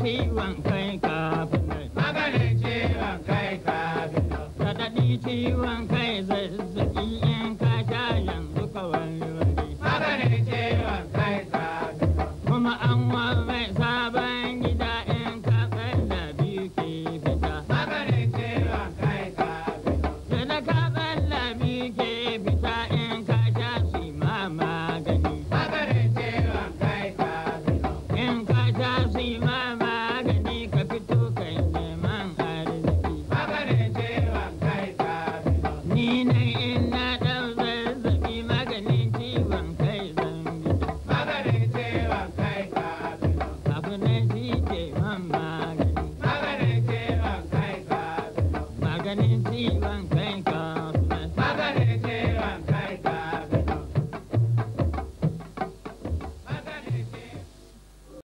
ciwon kai kafin maganin ciwon kai kafin raɗaɗi ciwon kai zazzaɓi in ka sha yanzu kawai wani maganin ciwon kai kafin kuma an wa mai sa Argentina, venga.